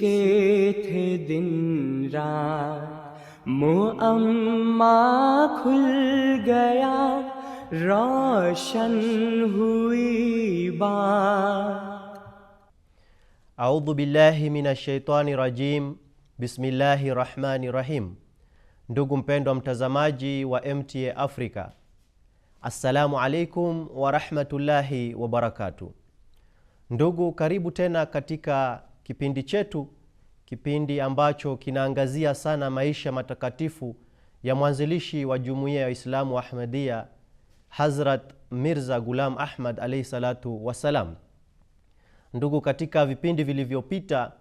کے تھے دن थे दिन کھل گیا روشن ہوئی بات اعوذ باللہ من الشیطان الرجیم rajim bismillahi الرحمن الرحیم Ndugu mpendwa mtazamaji wa MTA Africa Assalamu alaikum warahmatullahi wabarakatu. Ndugu, karibu tena katika kipindi chetu, kipindi ambacho kinaangazia sana maisha matakatifu ya mwanzilishi wa jumuiya ya Waislamu wa Hazrat Mirza Gulam Ahmad alaihi salatu wassalam. Ndugu, katika vipindi vilivyopita,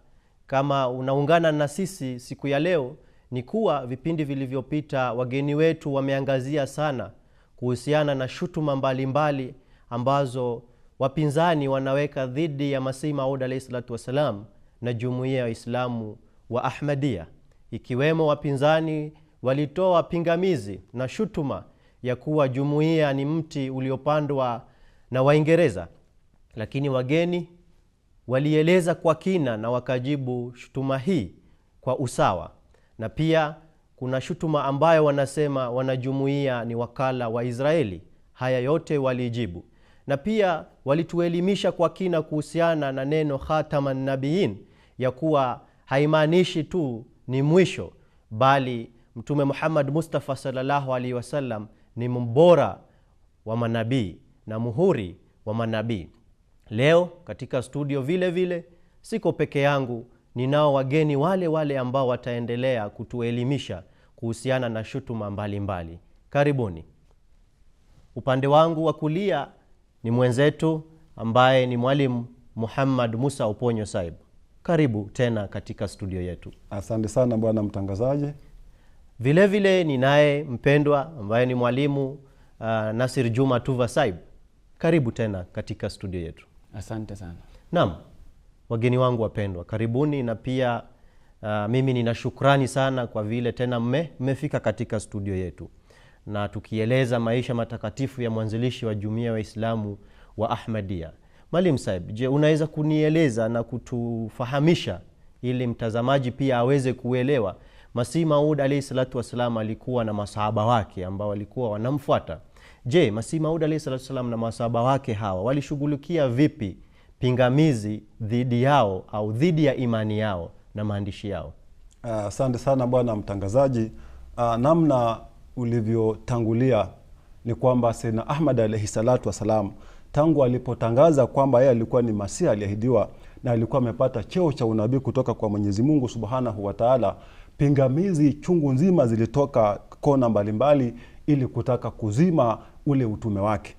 kama unaungana na sisi siku ya leo, ni kuwa vipindi vilivyopita wageni wetu wameangazia sana kuhusiana na shutuma mbalimbali mbali ambazo wapinzani wanaweka dhidi ya Masihi Maud alaihi salatu wassalam na jumuiya ya Waislamu wa Ahmadia, ikiwemo wapinzani walitoa pingamizi na shutuma ya kuwa jumuiya ni mti uliopandwa na Waingereza, lakini wageni walieleza kwa kina na wakajibu shutuma hii kwa usawa na pia kuna shutuma ambayo wanasema wanajumuia ni wakala wa Israeli. Haya yote walijibu, na pia walituelimisha kwa kina kuhusiana na neno khataman nabiin ya kuwa haimaanishi tu ni mwisho, bali Mtume Muhammad Mustafa salllahu alaihi wasallam ni mbora wa manabii na muhuri wa manabii. Leo katika studio vile vile siko peke yangu ninao wageni wale wale ambao wataendelea kutuelimisha kuhusiana na shutuma mbalimbali mbali. Karibuni. Upande wangu wa kulia ni mwenzetu ambaye ni mwalimu Muhammad Musa Uponyo Saib. Karibu tena katika studio yetu. Asante sana bwana mtangazaji. Vilevile ninaye mpendwa ambaye ni mwalimu uh, Nasir Juma Tuva Saib. Karibu tena katika studio yetu. Asante sana. Naam, Wageni wangu wapendwa, karibuni na pia uh, mimi nina shukrani sana kwa vile tena mme, mmefika katika studio yetu na tukieleza maisha matakatifu ya mwanzilishi wa jumuiya Waislamu wa Ahmadia. Mwalimu Saib, je, unaweza kunieleza na kutufahamisha ili mtazamaji pia aweze kuelewa Masihi Maud alaihi salatu wassalam alikuwa na masahaba wake ambao walikuwa wanamfuata. Je, Masihi Maud alahi salatu wassalam na masahaba wake hawa walishughulikia vipi pingamizi dhidi yao au dhidi ya imani yao na maandishi yao. Ah, asante uh, sana bwana mtangazaji. Uh, namna ulivyotangulia ni kwamba Sayyidina Ahmad alaihi salatu wassalam tangu alipotangaza kwamba yeye alikuwa ni Masihi aliahidiwa na alikuwa amepata cheo cha unabii kutoka kwa Mwenyezi Mungu subhanahu wataala pingamizi chungu nzima zilitoka kona mbalimbali ili kutaka kuzima ule utume wake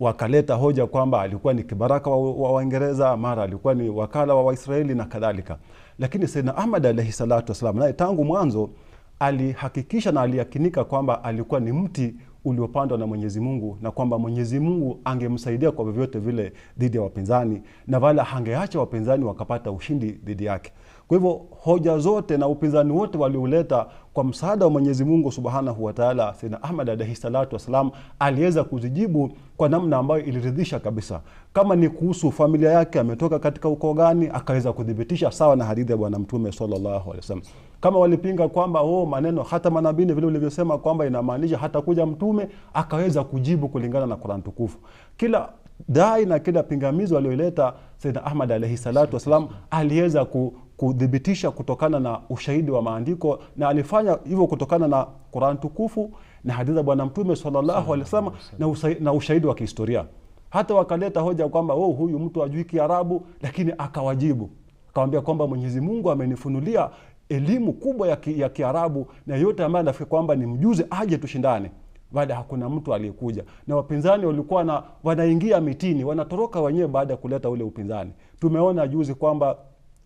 wakaleta hoja kwamba alikuwa ni kibaraka wa Waingereza wa mara alikuwa ni wakala wa Waisraeli na kadhalika. Lakini Saidna Ahmad alaihi salatu wassalam naye tangu mwanzo alihakikisha na aliyakinika kwamba alikuwa ni mti uliopandwa na Mwenyezi Mungu na kwamba Mwenyezi Mungu angemsaidia kwa vyovyote vile dhidi ya wapinzani na wala hangeacha wapinzani wakapata ushindi dhidi yake. Kwa hivyo hoja zote na upinzani wote walioleta kwa msaada wa Mwenyezi Mungu Subhanahu wa Ta'ala, Sayyidna Ahmad alayhi salatu wassalam aliweza kuzijibu kwa namna ambayo iliridhisha kabisa. Kama ni kuhusu familia yake ametoka katika ukoo gani, akaweza kudhibitisha sawa na hadithi ya Bwana Mtume sallallahu alaihi wasallam. Kama walipinga kwamba oh, maneno hata manabii vile ulivyosema kwamba inamaanisha hatakuja mtume, akaweza kujibu kulingana na Qur'an tukufu. Kila dai na kila pingamizo aliyoleta Sayyidna Ahmad alayhi salatu wasalam aliweza ku, kudhibitisha kutokana na ushahidi wa maandiko na alifanya hivyo kutokana na Qur'an tukufu na hadithi za Bwana Mtume sallallahu alaihi wasallam na, na ushahidi wa kihistoria. Hata wakaleta hoja kwamba oh, huyu mtu ajui Kiarabu, lakini akawajibu akawambia kwamba Mwenyezi Mungu amenifunulia elimu kubwa ya, ki, Kiarabu na yote ambaye anafika kwamba ni mjuzi aje tushindane baada ya hakuna mtu aliyekuja, na wapinzani walikuwa na wanaingia mitini, wanatoroka wenyewe baada ya kuleta ule upinzani. Tumeona juzi kwamba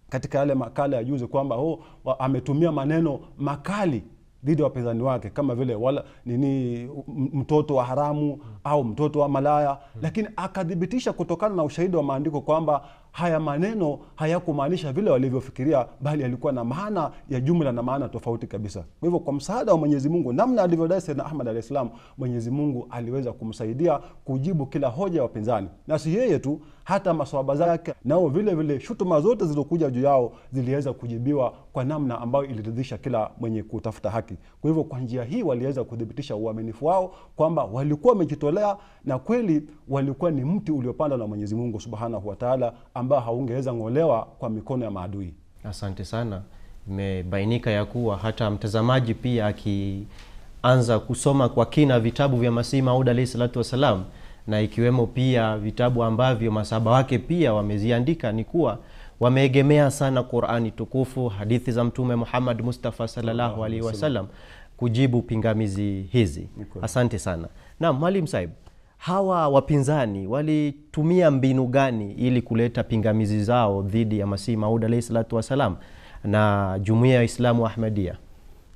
katika yale makala ya juzi kwamba oh, ametumia maneno makali dhidi ya wapinzani wake kama vile wala nini mtoto wa haramu au mtoto wa malaya, lakini akathibitisha kutokana na ushahidi wa maandiko kwamba haya maneno hayakumaanisha vile walivyofikiria, bali yalikuwa na maana ya jumla na maana tofauti kabisa. Kwa hivyo, kwa msaada wa Mwenyezi Mungu, namna alivyodai sena Ahmad alah salam, Mwenyezi Mungu aliweza kumsaidia kujibu kila hoja ya wapinzani, na si yeye tu hata maswahaba zake nao vile vile, shutuma zote zilizokuja juu yao ziliweza kujibiwa kwa namna ambayo iliridhisha kila mwenye kutafuta haki. Kwa hivyo, kwa njia hii waliweza kuthibitisha uaminifu wao kwamba walikuwa wamejitolea na kweli walikuwa ni mti uliopandwa na Mwenyezi Mungu Subhanahu wa Ta'ala, ambao haungeweza ng'olewa kwa mikono ya maadui. Asante sana. Imebainika ya kuwa hata mtazamaji pia akianza kusoma kwa kina vitabu vya Masihi Maud alayhi salatu wassalam na ikiwemo pia vitabu ambavyo masaba wake pia wameziandika ni kuwa wameegemea sana Qur'ani tukufu, hadithi za Mtume Muhammad Mustafa sallallahu alaihi wasallam kujibu pingamizi hizi. Asante sana. Naam, Mwalimu Saib, hawa wapinzani walitumia mbinu gani ili kuleta pingamizi zao dhidi ya Masihi Maud alaihi salatu wassalam na jumuiya ya Waislamu ahmadia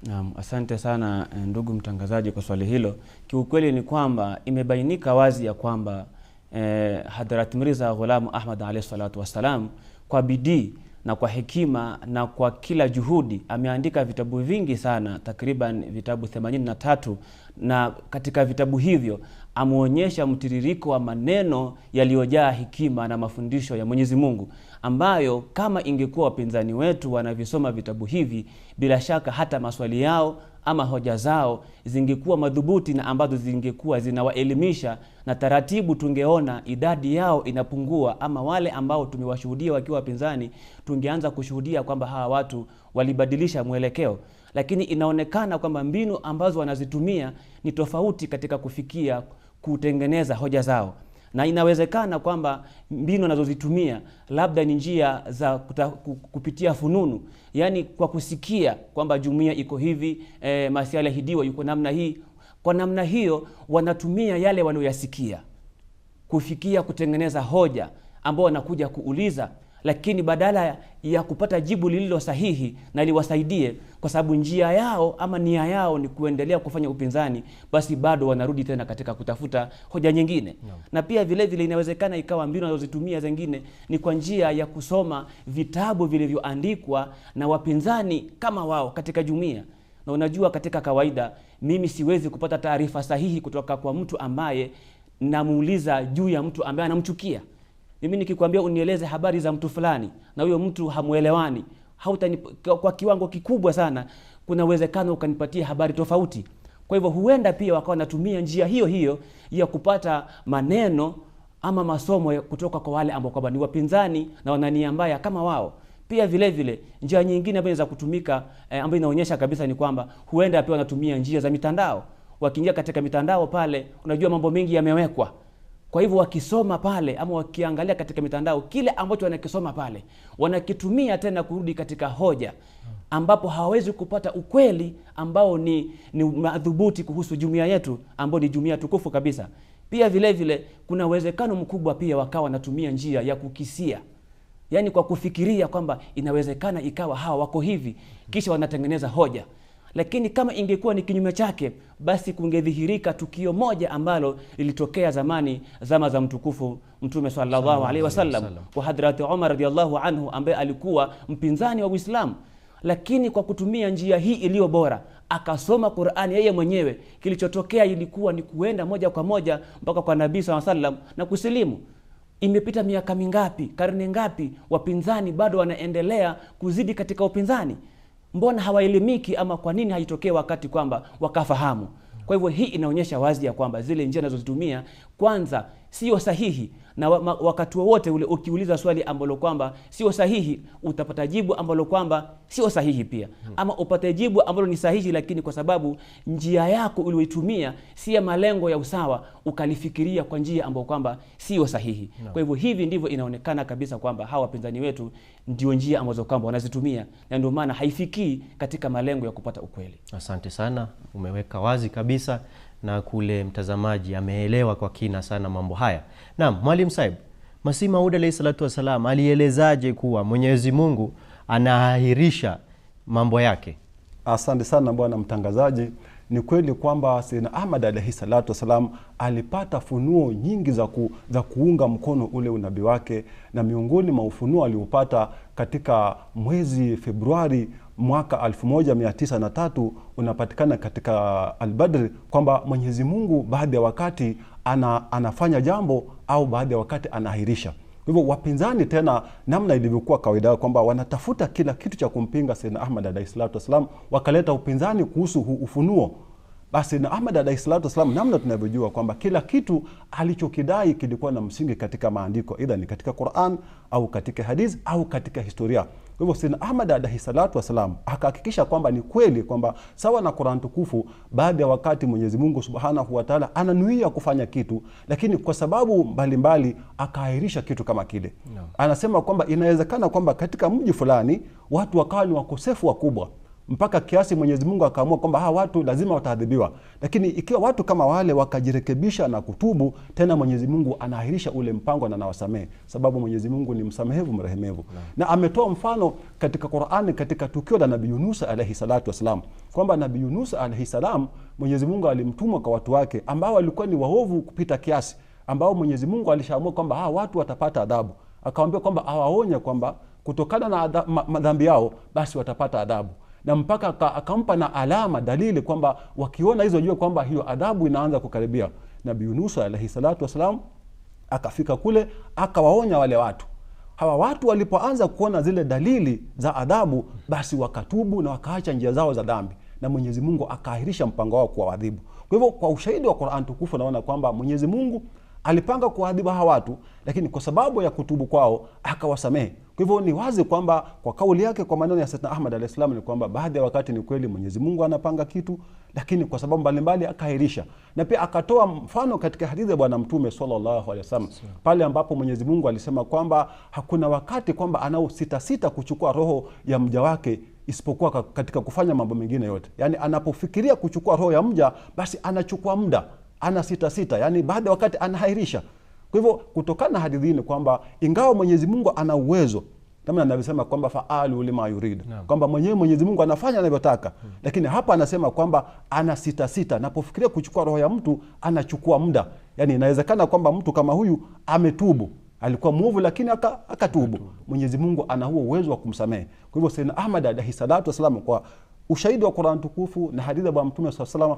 Naam, asante sana eh, ndugu mtangazaji kwa swali hilo. Kiukweli ni kwamba imebainika wazi ya kwamba eh, Hadrat Mirza Ghulam Ahmad alayhi salatu wassalam kwa bidii na kwa hekima na kwa kila juhudi ameandika vitabu vingi sana, takriban vitabu 83 na katika vitabu hivyo ameonyesha mtiririko wa maneno yaliyojaa hekima na mafundisho ya Mwenyezi Mungu ambayo kama ingekuwa wapinzani wetu wanavisoma vitabu hivi, bila shaka hata maswali yao ama hoja zao zingekuwa madhubuti na ambazo zingekuwa zinawaelimisha, na taratibu tungeona idadi yao inapungua, ama wale ambao tumewashuhudia wakiwa wapinzani, tungeanza kushuhudia kwamba hawa watu walibadilisha mwelekeo. Lakini inaonekana kwamba mbinu ambazo wanazitumia ni tofauti katika kufikia kutengeneza hoja zao na inawezekana kwamba mbinu anazozitumia labda ni njia za kuta, kupitia fununu, yaani kwa kusikia kwamba jumuia iko hivi e, Masihi aliahidiwa yuko namna hii. Kwa namna hiyo wanatumia yale wanayoyasikia kufikia kutengeneza hoja ambao wanakuja kuuliza, lakini badala ya kupata jibu lililo sahihi na liwasaidie kwa sababu njia yao ama nia yao ni kuendelea kufanya upinzani, basi bado wanarudi tena katika kutafuta hoja nyingine no. Na pia vile vile inawezekana ikawa mbinu wanazozitumia zingine ni kwa njia ya kusoma vitabu vilivyoandikwa na wapinzani kama wao katika jumuiya na unajua, katika kawaida mimi siwezi kupata taarifa sahihi kutoka kwa mtu ambaye namuuliza juu ya mtu ambaye anamchukia. Mimi nikikwambia unieleze habari za mtu fulani, na huyo mtu hamuelewani, hautanip, kwa kiwango kikubwa sana kuna uwezekano ukanipatia habari tofauti. Kwa hivyo huenda pia wakawa wanatumia njia hiyo hiyo ya kupata maneno ama masomo kutoka kwa wale ambao kwamba ni wapinzani na wanania mbaya kama wao. Pia vile vile njia nyingine ambayo inaweza kutumika eh, ambayo inaonyesha kabisa ni kwamba huenda pia wanatumia njia za mitandao. Wakiingia katika mitandao pale, unajua mambo mengi yamewekwa kwa hivyo wakisoma pale ama wakiangalia katika mitandao, kile ambacho wanakisoma pale wanakitumia tena kurudi katika hoja, ambapo hawawezi kupata ukweli ambao ni, ni madhubuti kuhusu jumuiya yetu ambayo ni jumuiya tukufu kabisa. Pia vile vile kuna uwezekano mkubwa pia wakawa wanatumia njia ya kukisia, yaani kwa kufikiria kwamba inawezekana ikawa hawa wako hivi, kisha wanatengeneza hoja. Lakini kama ingekuwa ni kinyume chake, basi kungedhihirika tukio moja ambalo lilitokea zamani, zama za mtukufu Mtume sallallahu alaihi wasallam kwa hadrati Umar radiallahu anhu, ambaye alikuwa mpinzani wa Uislamu lakini kwa kutumia njia hii iliyo bora akasoma Qur'ani yeye mwenyewe. Kilichotokea ilikuwa ni kuenda moja kwa moja mpaka kwa Nabii saa salam na kusilimu. Imepita miaka mingapi, karne ngapi, wapinzani bado wanaendelea kuzidi katika upinzani mbona hawaelimiki ama kwa nini haitokee wakati kwamba wakafahamu? Kwa hivyo hii inaonyesha wazi ya kwamba zile njia anazozitumia kwanza sio sahihi, na wakati wowote ule ukiuliza swali ambalo kwamba sio sahihi utapata jibu ambalo kwamba sio sahihi pia, hmm. ama upate jibu ambalo ni sahihi, lakini kwa sababu njia yako ulioitumia si ya malengo ya usawa, ukalifikiria kwa njia ambayo kwamba sio sahihi no. Hmm. Kwa hivyo hivi ndivyo inaonekana kabisa kwamba hawa wapinzani wetu ndio njia ambazo kwamba wanazitumia, na ndio maana haifikii katika malengo ya kupata ukweli. Asante sana, umeweka wazi kabisa na kule mtazamaji ameelewa kwa kina sana mambo haya. Naam, Mwalimu Saib, masihi Maud alahi salatu wassalam alielezaje kuwa Mwenyezi Mungu anaahirisha mambo yake? Asante sana bwana mtangazaji. Ni kweli kwamba Sayyidna Ahmad alaihi salatu wassalam alipata funuo nyingi za, ku, za kuunga mkono ule unabii wake, na miongoni mwa ufunuo aliopata katika mwezi Februari mwaka 1903 unapatikana katika Albadri kwamba Mwenyezi Mungu baadhi ya wakati ana, anafanya jambo au baadhi ya wakati anaahirisha. Kwa hivyo wapinzani tena, namna ilivyokuwa kawaida yao, kwamba wanatafuta kila kitu cha kumpinga Sayyidna Ahmad alayhi salatu wassalam, wakaleta upinzani kuhusu ufunuo basi na Ahmad alayhi salatu wasalam, namna tunavyojua kwamba kila kitu alichokidai kilikuwa na msingi katika maandiko, idha ni katika Quran au katika hadithi au katika historia. Kwa hivyo sina Ahmad alaihi salatu wassalam akahakikisha kwamba ni kweli kwamba sawa na Qur'an tukufu, baadhi ya wakati Mwenyezi Mungu Subhanahu wa Ta'ala ananuia kufanya kitu, lakini kwa sababu mbalimbali akaahirisha kitu kama kile no. Anasema kwamba inawezekana kwamba katika mji fulani watu wakawa ni wakosefu wakubwa mpaka kiasi Mwenyezi Mungu akaamua kwamba hawa watu lazima wataadhibiwa. Lakini ikiwa watu kama wale wakajirekebisha na kutubu, tena Mwenyezi Mungu anaahirisha ule mpango na anawasamehe, sababu Mwenyezi Mungu ni msamehevu mrehemevu. Na, na ametoa mfano katika Qur'ani katika tukio la Nabii Yunus alayhi salatu wasalam, kwamba Nabii Yunus alayhi salam Mwenyezi Mungu alimtuma kwa watu wake ambao walikuwa ni waovu kupita kiasi, ambao Mwenyezi Mungu alishaamua kwamba hawa watu watapata adhabu, akawaambia kwamba awaonya kwamba kutokana na madhambi yao basi watapata adhabu na mpaka akampa na alama dalili kwamba wakiona hizo jua kwamba hiyo adhabu inaanza kukaribia. Nabii yunusa alaihi salatu wassalam akafika kule akawaonya wale watu. Hawa watu walipoanza kuona zile dalili za adhabu, basi wakatubu na wakaacha njia zao za dhambi, na Mwenyezi Mungu akaahirisha mpango wao kuwa wadhibu Kwa hivyo, kwa ushahidi wa Qur'an tukufu naona kwamba Mwenyezi Mungu alipanga kuwaadhibu hawa watu, lakini kwa sababu ya kutubu kwao akawasamehe. Kwa hivyo ni wazi kwamba kwa kauli yake, kwa maneno ya Saidna Ahmad alaihis salam, ni kwamba baadhi ya wakati ni kweli Mwenyezi Mungu anapanga kitu, lakini kwa sababu mbalimbali akaahirisha. Na pia akatoa mfano katika hadithi ya Bwana Mtume sallallahu alaihi wasallam pale ambapo Mwenyezi Mungu alisema kwamba hakuna wakati kwamba anao sita sita kuchukua roho ya mja wake isipokuwa katika kufanya mambo mengine yote, yaani anapofikiria kuchukua roho ya mja basi anachukua muda ana sita sita, yani baada ya wakati anahairisha. Kwa hivyo kutokana na hadithi hii kwamba ingawa Mwenyezi Mungu ana uwezo kama anavyosema kwamba faalu lima yurid, kwamba mwenyewe Mwenyezi Mungu anafanya anavyotaka hmm. Lakini hapa anasema kwamba ana sita sita, napofikiria kuchukua roho ya mtu anachukua muda, yani inawezekana kwamba mtu kama huyu ametubu alikuwa mwovu lakini akatubu aka Mwenyezi Mungu ana huo uwezo wa kumsamehe. Kwa hivyo Sayyidina Ahmad alaihi salatu wassalam kwa ushahidi wa Qur'an tukufu na hadithi ya Mtume SAW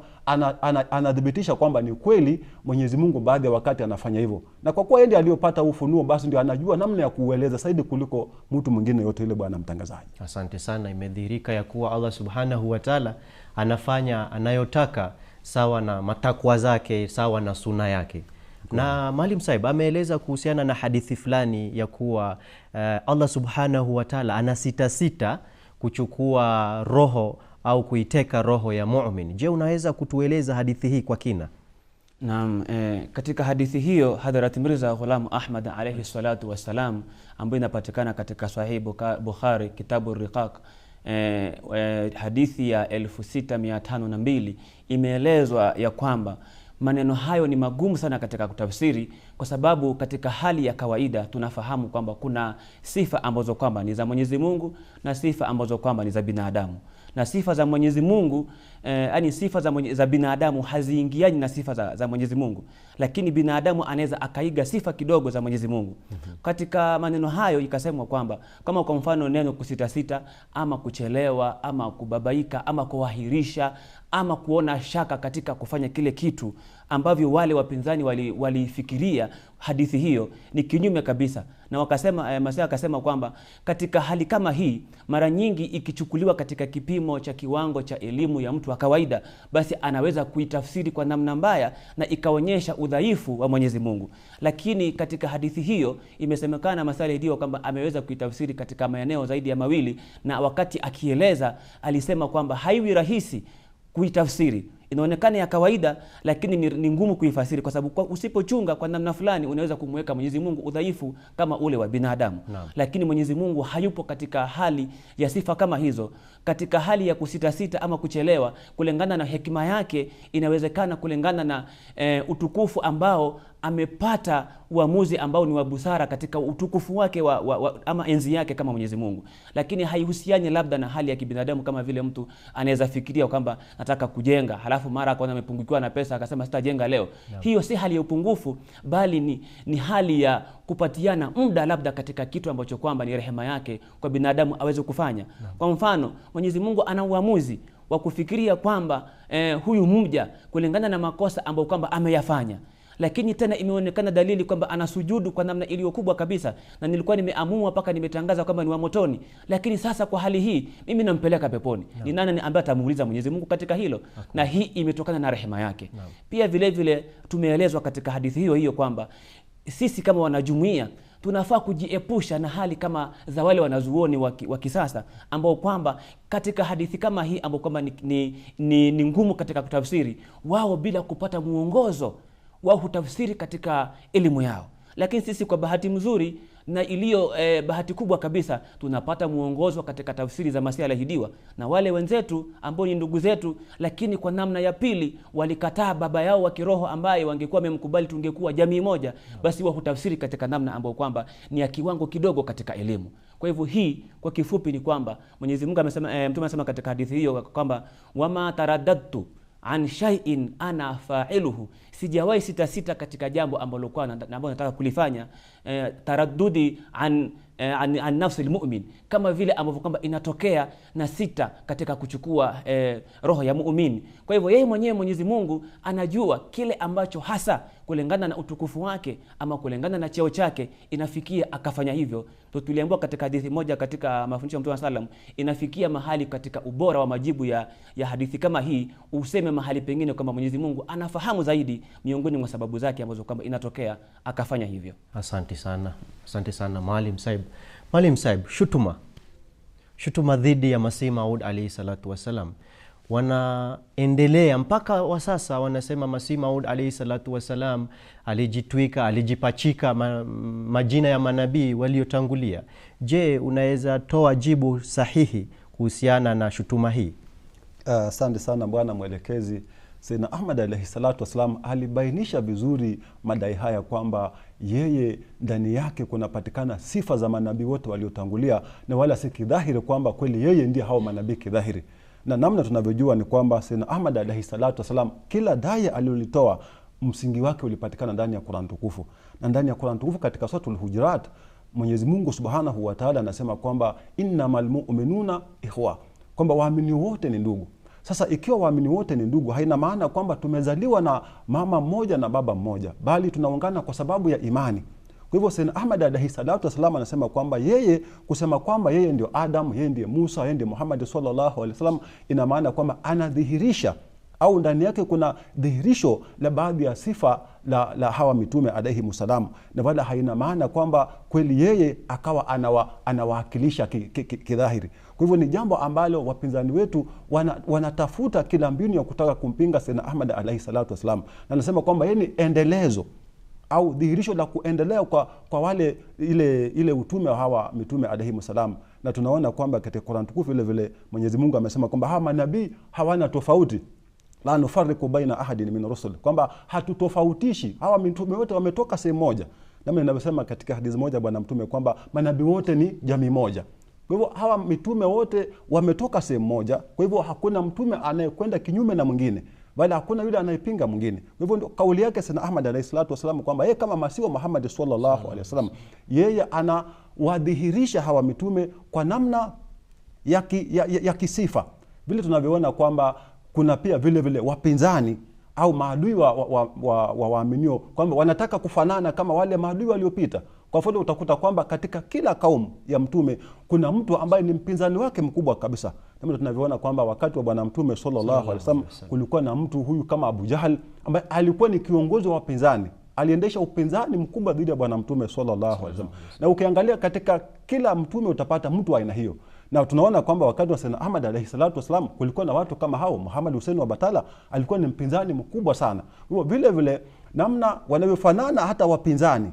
anathibitisha ana, ana kwamba ni kweli Mwenyezi Mungu baadhi ya wakati anafanya hivyo, na kwa kuwa yeye ndiye aliyopata ufunuo, basi ndio anajua namna ya kuueleza zaidi kuliko mtu mwingine yote ile. Bwana mtangazaji, asante sana. Imedhihirika ya kuwa Allah Subhanahu wa Ta'ala anafanya anayotaka sawa na matakwa zake, sawa na suna yake na Maalim Saib ameeleza kuhusiana na hadithi fulani ya kuwa uh, Allah Subhanahu wa Ta'ala sita kuchukua roho au kuiteka roho ya mumin. Je, unaweza kutueleza hadithi hii kwa kina? nam e, eh, katika hadithi hiyo hadrat Mirza Ghulam Ahmad alaihi salatu wassalam ambayo inapatikana katika sahihi Bukhari kitabu Riqaq e, e, hadithi ya 652 imeelezwa ya kwamba Maneno hayo ni magumu sana katika kutafsiri, kwa sababu katika hali ya kawaida tunafahamu kwamba kuna sifa ambazo kwamba ni za Mwenyezi Mungu na sifa ambazo kwamba ni za binadamu na sifa za Mwenyezi Mungu eh, yaani sifa za, mwenye, za binadamu haziingiani na sifa za, za Mwenyezi Mungu, lakini binadamu anaweza akaiga sifa kidogo za Mwenyezi Mungu. Mhm. Katika maneno hayo ikasemwa kwamba kama kwa mfano neno kusitasita ama kuchelewa ama kubabaika ama kuahirisha ama kuona shaka katika kufanya kile kitu ambavyo wale wapinzani walifikiria wali hadithi hiyo ni kinyume kabisa na wakasema eh, masia akasema kwamba katika hali kama hii mara nyingi ikichukuliwa katika kipimo cha kiwango cha elimu ya mtu wa kawaida, basi anaweza kuitafsiri kwa namna mbaya na ikaonyesha udhaifu wa Mwenyezi Mungu. Lakini katika hadithi hiyo imesemekana Masih aliahidiwa kwamba ameweza kuitafsiri katika maeneo zaidi ya mawili, na wakati akieleza alisema kwamba haiwi rahisi kuitafsiri inaonekana ya kawaida, lakini ni, ni ngumu kuifasiri kwa sababu usipochunga kwa namna fulani unaweza kumweka Mwenyezi Mungu udhaifu kama ule wa binadamu na. Lakini Mwenyezi Mungu hayupo katika hali ya sifa kama hizo, katika hali ya kusitasita ama kuchelewa. Kulingana na hekima yake, inawezekana kulingana na e, utukufu ambao amepata uamuzi ambao ni wa busara katika utukufu wake wa, wa, wa, ama enzi yake kama Mwenyezi Mungu, lakini haihusiani labda na hali ya kibinadamu kama vile mtu anaweza fikiria kwamba nataka kujenga halafu alafu mara ya kwanza amepungukiwa na pesa akasema sitajenga leo yeah. Hiyo si hali ya upungufu, bali ni, ni hali ya kupatiana muda, labda katika kitu ambacho kwamba ni rehema yake kwa binadamu aweze kufanya yeah. Kwa mfano Mwenyezi Mungu ana uamuzi wa kufikiria kwamba eh, huyu mja kulingana na makosa ambayo kwamba ameyafanya lakini tena imeonekana dalili kwamba anasujudu kwa namna iliyo kubwa kabisa, na nilikuwa nimeamua paka nimetangaza kwamba ni wa motoni, lakini sasa kwa hali hii mimi nampeleka peponi no. Ni nani ni ambaye atamuuliza Mwenyezi Mungu katika hilo okay. Na hii imetokana na rehema yake no. Pia vile vile tumeelezwa katika hadithi hiyo hiyo kwamba sisi kama wanajumuia tunafaa kujiepusha na hali kama za wale wanazuoni wa kisasa ambao kwamba katika hadithi kama hii ambao kwamba ni, ni, ni, ni ngumu katika kutafsiri wao bila kupata muongozo wao hutafsiri katika elimu yao, lakini sisi kwa bahati mzuri na iliyo eh, bahati kubwa kabisa tunapata mwongozo katika tafsiri za Masihi alahidiwa na wale wenzetu ambao ni ndugu zetu, lakini kwa namna ya pili walikataa baba yao wa kiroho ambaye wangekuwa wamemkubali, tungekuwa jamii moja, basi wa hutafsiri katika namna ambayo kwamba ni ya kiwango kidogo katika elimu. Kwa hivyo hii kwa kifupi ni kwamba Mwenyezi Mungu amesema, eh, Mtume amesema katika hadithi hiyo kwamba wama taradadtu an shay'in ana fa'iluhu, sijawahi sitasita katika jambo ambalo kwa ambao nataka kulifanya. eh, taraddudi an, eh, an, an nafsi almu'min, kama vile ambavyo kwamba inatokea na sita katika kuchukua eh, roho ya muumini. Kwa hivyo yeye mwenyewe Mwenyezi Mungu anajua kile ambacho hasa kulingana na utukufu wake ama kulingana na cheo chake inafikia akafanya hivyo. So tuliambiwa katika hadithi moja katika mafundisho ya Mtume sallam, inafikia mahali katika ubora wa majibu ya, ya hadithi kama hii useme mahali pengine kwamba Mwenyezi Mungu anafahamu zaidi miongoni mwa sababu zake ambazo kwamba inatokea akafanya hivyo. Asante sana, asante sana Maalim Saib. Maalim Saib, shutuma shutuma dhidi ya Masihi Maud alaihi salatu wassalam wanaendelea mpaka wa sasa, wanasema Masih Maud alaihi salatu wassalam alijitwika, alijipachika ma, majina ya manabii waliotangulia. Je, unaweza toa jibu sahihi kuhusiana na shutuma hii? Uh, asante uh, sana bwana mwelekezi. seina Ahmad alaihi salatu wassalam alibainisha vizuri madai haya kwamba yeye ndani yake kunapatikana sifa za manabii wote waliotangulia, na wala si kidhahiri kwamba kweli yeye ndiye hao manabii kidhahiri na namna tunavyojua ni kwamba sena Ahmad alaihi salatu wassalam, kila daya aliyolitoa msingi wake ulipatikana ndani ya Qur'an tukufu, na ndani ya Qur'an tukufu katika Suratul Hujurat Mwenyezi Mungu Subhanahu wataala anasema kwamba innama lmuminuna ihwa kwamba waamini wote ni ndugu. Sasa ikiwa waamini wote ni ndugu, haina maana kwamba tumezaliwa na mama mmoja na baba mmoja, bali tunaungana kwa sababu ya imani. Kwa hivyo sen Ahmad alaihi salatu wassalam anasema kwamba yeye kusema kwamba yeye ndio Adam, yeye ndiye Musa, yeye ndiye muhamadi sallallahu ina maana kwamba anadhihirisha au ndani yake kuna dhihirisho la baadhi ya sifa la, la hawa mitume salam na wala haina maana kwamba kweli yeye akawa anawa, anawakilisha kidhahiri. Kwa hivyo ni jambo ambalo wapinzani wetu wana, wanatafuta kila mbinu ya kutaka kumpinga sena Ahmad alaihi salatu wassalam, na anasema kwamba yeye ni endelezo au dhihirisho la kuendelea kwa, kwa wale ile, ile utume wa hawa mitume alaihimu salam, na tunaona kwamba katika Qur'an tukufu vile vile Mwenyezi Mungu amesema kwamba hawa manabii hawana tofauti la nufariku baina ahadin min rusul, kwamba hatutofautishi hawa mitume wote wametoka sehemu moja, namna inavyosema katika hadithi moja bwana mtume kwamba manabii wote ni jamii moja. Kwa hivyo hawa mitume wote wametoka sehemu moja, kwa hivyo hakuna mtume anayekwenda kinyume na mwingine bali hakuna yule anayepinga mwingine. Kwa hivyo ndio kauli yake sana Ahmad alayhi salatu wasallam kwamba yeye kama masiwa Muhammad sallallahu alaihi wasallam, yeye anawadhihirisha hawa mitume kwa namna ya, ki, ya, ya, ya kisifa vile tunavyoona kwamba kuna pia vile vile wapinzani au maadui wa waaminio wa, wa, wa, kwamba wanataka kufanana kama wale maadui waliopita. Kwa mfano utakuta kwamba katika kila kaumu ya mtume kuna mtu ambaye ni mpinzani wake mkubwa kabisa. Ndio tunavyoona kwamba wakati wa bwana mtume sallallahu alaihi wasallam kulikuwa na mtu huyu kama Abu Jahal ambaye alikuwa ni kiongozi wa wapinzani aliendesha upinzani mkubwa dhidi ya bwana mtume sallallahu alaihi wasallam. Na ukiangalia katika kila mtume utapata mtu wa aina hiyo, na tunaona kwamba wakati wa Sayyidina Ahmad alaihi salatu wasallam kulikuwa na watu kama hao. Muhammad Hussein wa Batala alikuwa ni mpinzani mkubwa sana. Vile vile namna wanavyofanana hata wapinzani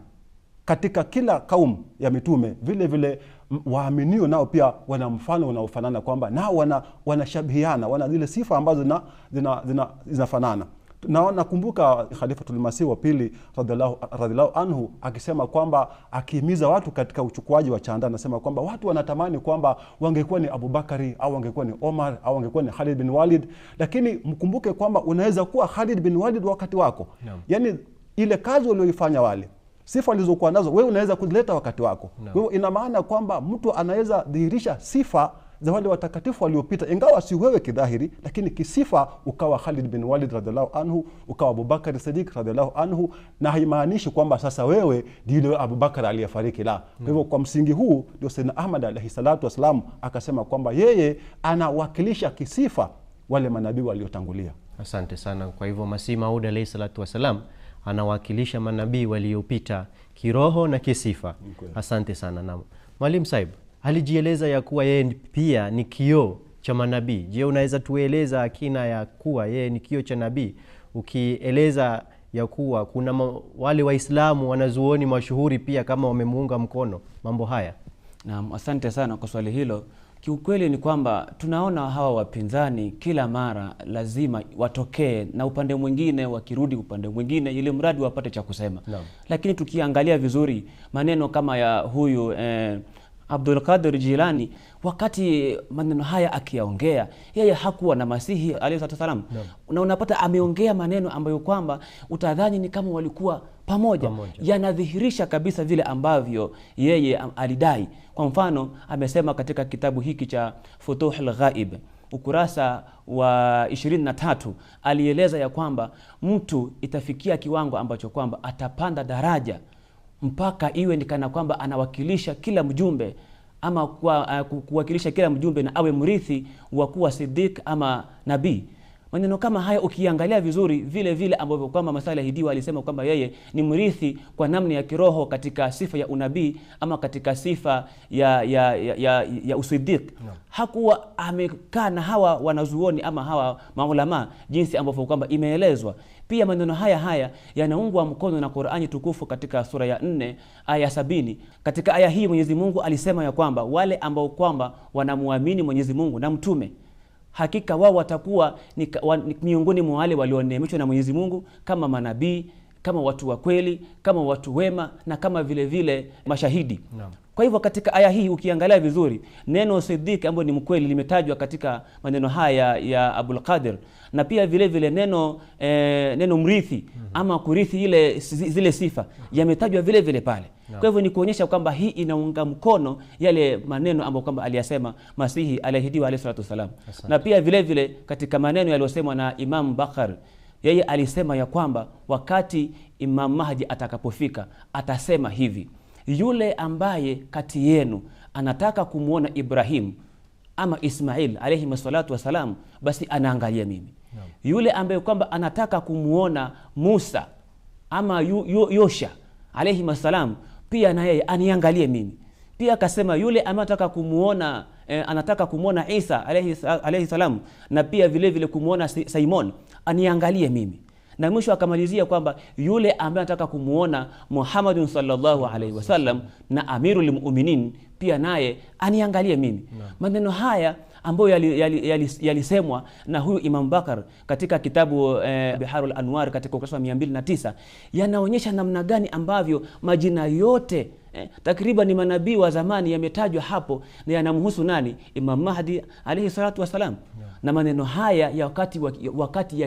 katika kila kaum ya mitume vile vile waaminio nao pia wana mfano unaofanana kwamba nao wanashabihiana wana zile sifa ambazo zina, zina, zina, zinafanana na nakumbuka Khalifatul Masih wa pili radhiallahu anhu akisema kwamba akihimiza watu katika uchukuaji wa chanda, anasema kwamba watu wanatamani kwamba wangekuwa ni Abubakari au wangekuwa ni Omar au wangekuwa ni Khalid bin Walid, lakini mkumbuke kwamba unaweza kuwa Khalid bin Walid wakati wako no. Yani ile kazi walioifanya wale sifa alizokuwa nazo wewe unaweza kuleta wakati wako no. Kwa hivyo ina maana kwamba mtu anaweza dhihirisha sifa za wale watakatifu waliopita, ingawa si wewe kidhahiri, lakini kisifa ukawa Khalid bin Walid radhiallahu anhu, ukawa Abubakar Sadiq radhiallahu anhu, na haimaanishi kwamba sasa wewe ndio abubakari Abubakar aliyefariki, la. Kwa hivyo kwa msingi huu ndio Sayyidina Ahmad alaihi salatu wassalam akasema kwamba yeye anawakilisha kisifa wale manabii waliotangulia. Asante sana. Kwa hivyo Masihi Maud alahi salatu wassalam anawakilisha manabii waliopita kiroho na kisifa. Asante sana. Na mwalimu saib alijieleza ya kuwa yeye pia ni kioo cha manabii. Je, unaweza tueleza akina ya kuwa yeye ni kioo cha nabii, ukieleza ya kuwa kuna wale Waislamu wanazuoni mashuhuri pia kama wamemuunga mkono mambo haya? Naam, asante sana kwa swali hilo. Kiukweli ni kwamba tunaona hawa wapinzani kila mara lazima watokee na upande mwingine wakirudi upande mwingine, ili mradi wapate cha kusema no. Lakini tukiangalia vizuri maneno kama ya huyu eh, Abdul Jilani, wakati maneno haya akiyaongea, yeye hakuwa na Masihi alayhi salatu wasalam no. Na unapata ameongea maneno ambayo kwamba utadhani ni kama walikuwa pamoja, pamoja, yanadhihirisha kabisa vile ambavyo yeye alidai. Kwa mfano, amesema katika kitabu hiki cha futuh lghaib ukurasa wa 23 alieleza ya kwamba mtu itafikia kiwango ambacho kwamba atapanda daraja mpaka iwe ni kana kwamba anawakilisha kila mjumbe ama kuwa, uh, kuwakilisha kila mjumbe na awe mrithi wa kuwa sidik ama nabii. Maneno kama haya ukiangalia vizuri, vile vile ambavyo kwamba masali aliahidiwa, alisema kwamba yeye ni mrithi kwa namna ya kiroho katika sifa ya unabii ama katika sifa ya ya, ya, ya, ya usidiki no. Hakuwa amekaa na hawa wanazuoni ama hawa maulama jinsi ambavyo kwamba imeelezwa. Pia maneno haya haya yanaungwa mkono na Qur'ani tukufu katika sura ya 4 aya sabini. Katika aya hii Mwenyezi Mungu alisema ya kwamba wale ambao kwamba wanamwamini Mwenyezi Mungu na mtume hakika wao watakuwa miongoni mwa wale walioneemeshwa na Mwenyezi Mungu kama manabii kama watu wa kweli, kama watu wema na kama vile vile mashahidi no. Kwa hivyo katika aya hii ukiangalia vizuri neno sidiki ambayo ni mkweli limetajwa katika maneno haya ya Abul Qadir, na pia vile vile neno e, neno mrithi mhm. ama kurithi ile zile sifa yametajwa vile vile pale. Kwa hivyo ni kuonyesha kwamba hii inaunga mkono yale maneno ambayo kwamba aliyasema Masihi aliahidiwa alayhi salatu na pia vile vile katika maneno yaliyosemwa na imamu Bakar yeye alisema ya kwamba wakati Imam Mahdi atakapofika atasema hivi, yule ambaye kati yenu anataka kumwona Ibrahim ama Ismail alayhi salatu wassalam, basi anaangalia mimi. Yule ambaye kwamba anataka kumwona Musa ama Yosha alayhi salam, pia na yeye aniangalie mimi. Pia akasema yule ambaye anataka kumwona eh, anataka kumwona Isa alayhi salam na pia vile vile kumwona Simon, aniangalie mimi na mwisho akamalizia kwamba yule ambaye anataka kumwona Muhammad sallallahu alaihi wasallam na amirul mu'minin pia naye aniangalie mimi. Maneno haya ambayo yalisemwa yali, yali, yali na huyu Imam Bakar katika kitabu eh, Biharul Anwar katika ukurasa wa 209 yanaonyesha namna gani ambavyo majina yote Eh, takriban manabii wa zamani yametajwa hapo na yanamhusu nani? Imam Mahdi alaihi salatu wassalam. Yeah na maneno haya ya wakati, wakati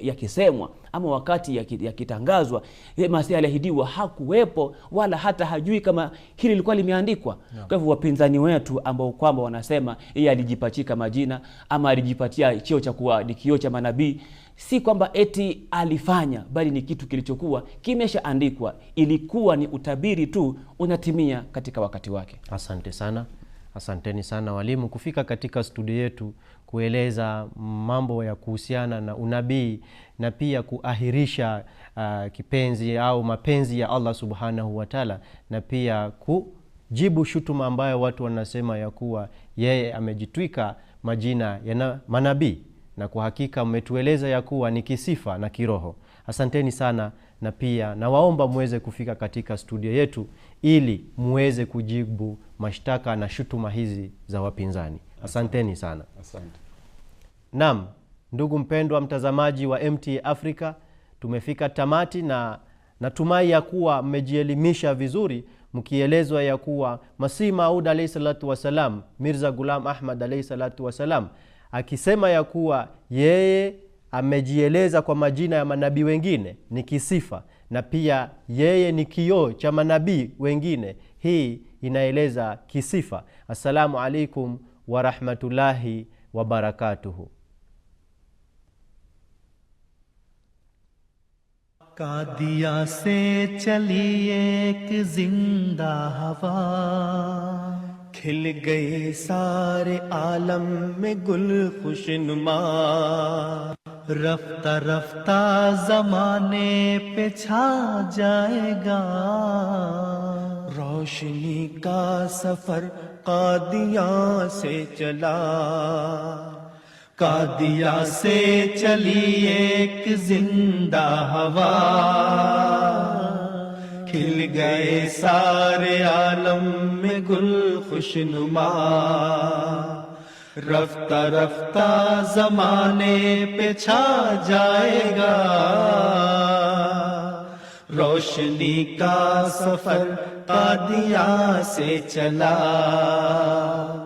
yakisemwa ya ama wakati yakitangazwa ya eh, Masihi aliahidiwa hakuwepo wala hata hajui kama hili lilikuwa limeandikwa yeah. Kwa hivyo wapinzani wetu ambao kwamba wanasema yeye alijipachika majina ama alijipatia cheo cha kuwa ni kioo cha manabii si kwamba eti alifanya, bali ni kitu kilichokuwa kimeshaandikwa. Ilikuwa ni utabiri tu unatimia katika wakati wake. Asante sana, asanteni sana walimu kufika katika studio yetu kueleza mambo ya kuhusiana na unabii na pia kuahirisha uh, kipenzi au mapenzi ya Allah subhanahu wa taala, na pia kujibu shutuma ambayo watu wanasema ya kuwa yeye amejitwika majina ya manabii, na kwa hakika mmetueleza ya kuwa ni kisifa na kiroho. Asanteni sana na pia nawaomba muweze kufika katika studio yetu ili muweze kujibu mashtaka na shutuma hizi za wapinzani. Asanteni sana. Asante. nam ndugu mpendwa mtazamaji wa mt Africa, tumefika tamati na natumai ya kuwa mmejielimisha vizuri mkielezwa ya kuwa Masihi Maud alahi salatu wassalam, Mirza Gulam Ahmad alahi salatu wassalam akisema ya kuwa yeye amejieleza kwa majina ya manabii wengine ni kisifa, na pia yeye ni kioo cha manabii wengine. Hii inaeleza kisifa. Assalamu alaikum warahmatullahi wabarakatuhu. Qadian से चली एक जिंदा हवा खिल गए सारे आलम में गुल खुशनुमा رفتہ رفتہ زمانے پہ چھا جائے گا روشنی کا سفر قادیاں سے چلا کا سے چلی ایک زندہ ہوا کھل گئے سارے عالم میں گل خوش خوشنما رفتہ رفتہ زمانے پہ چھا جائے گا روشنی کا سفر قادیاں سے چلا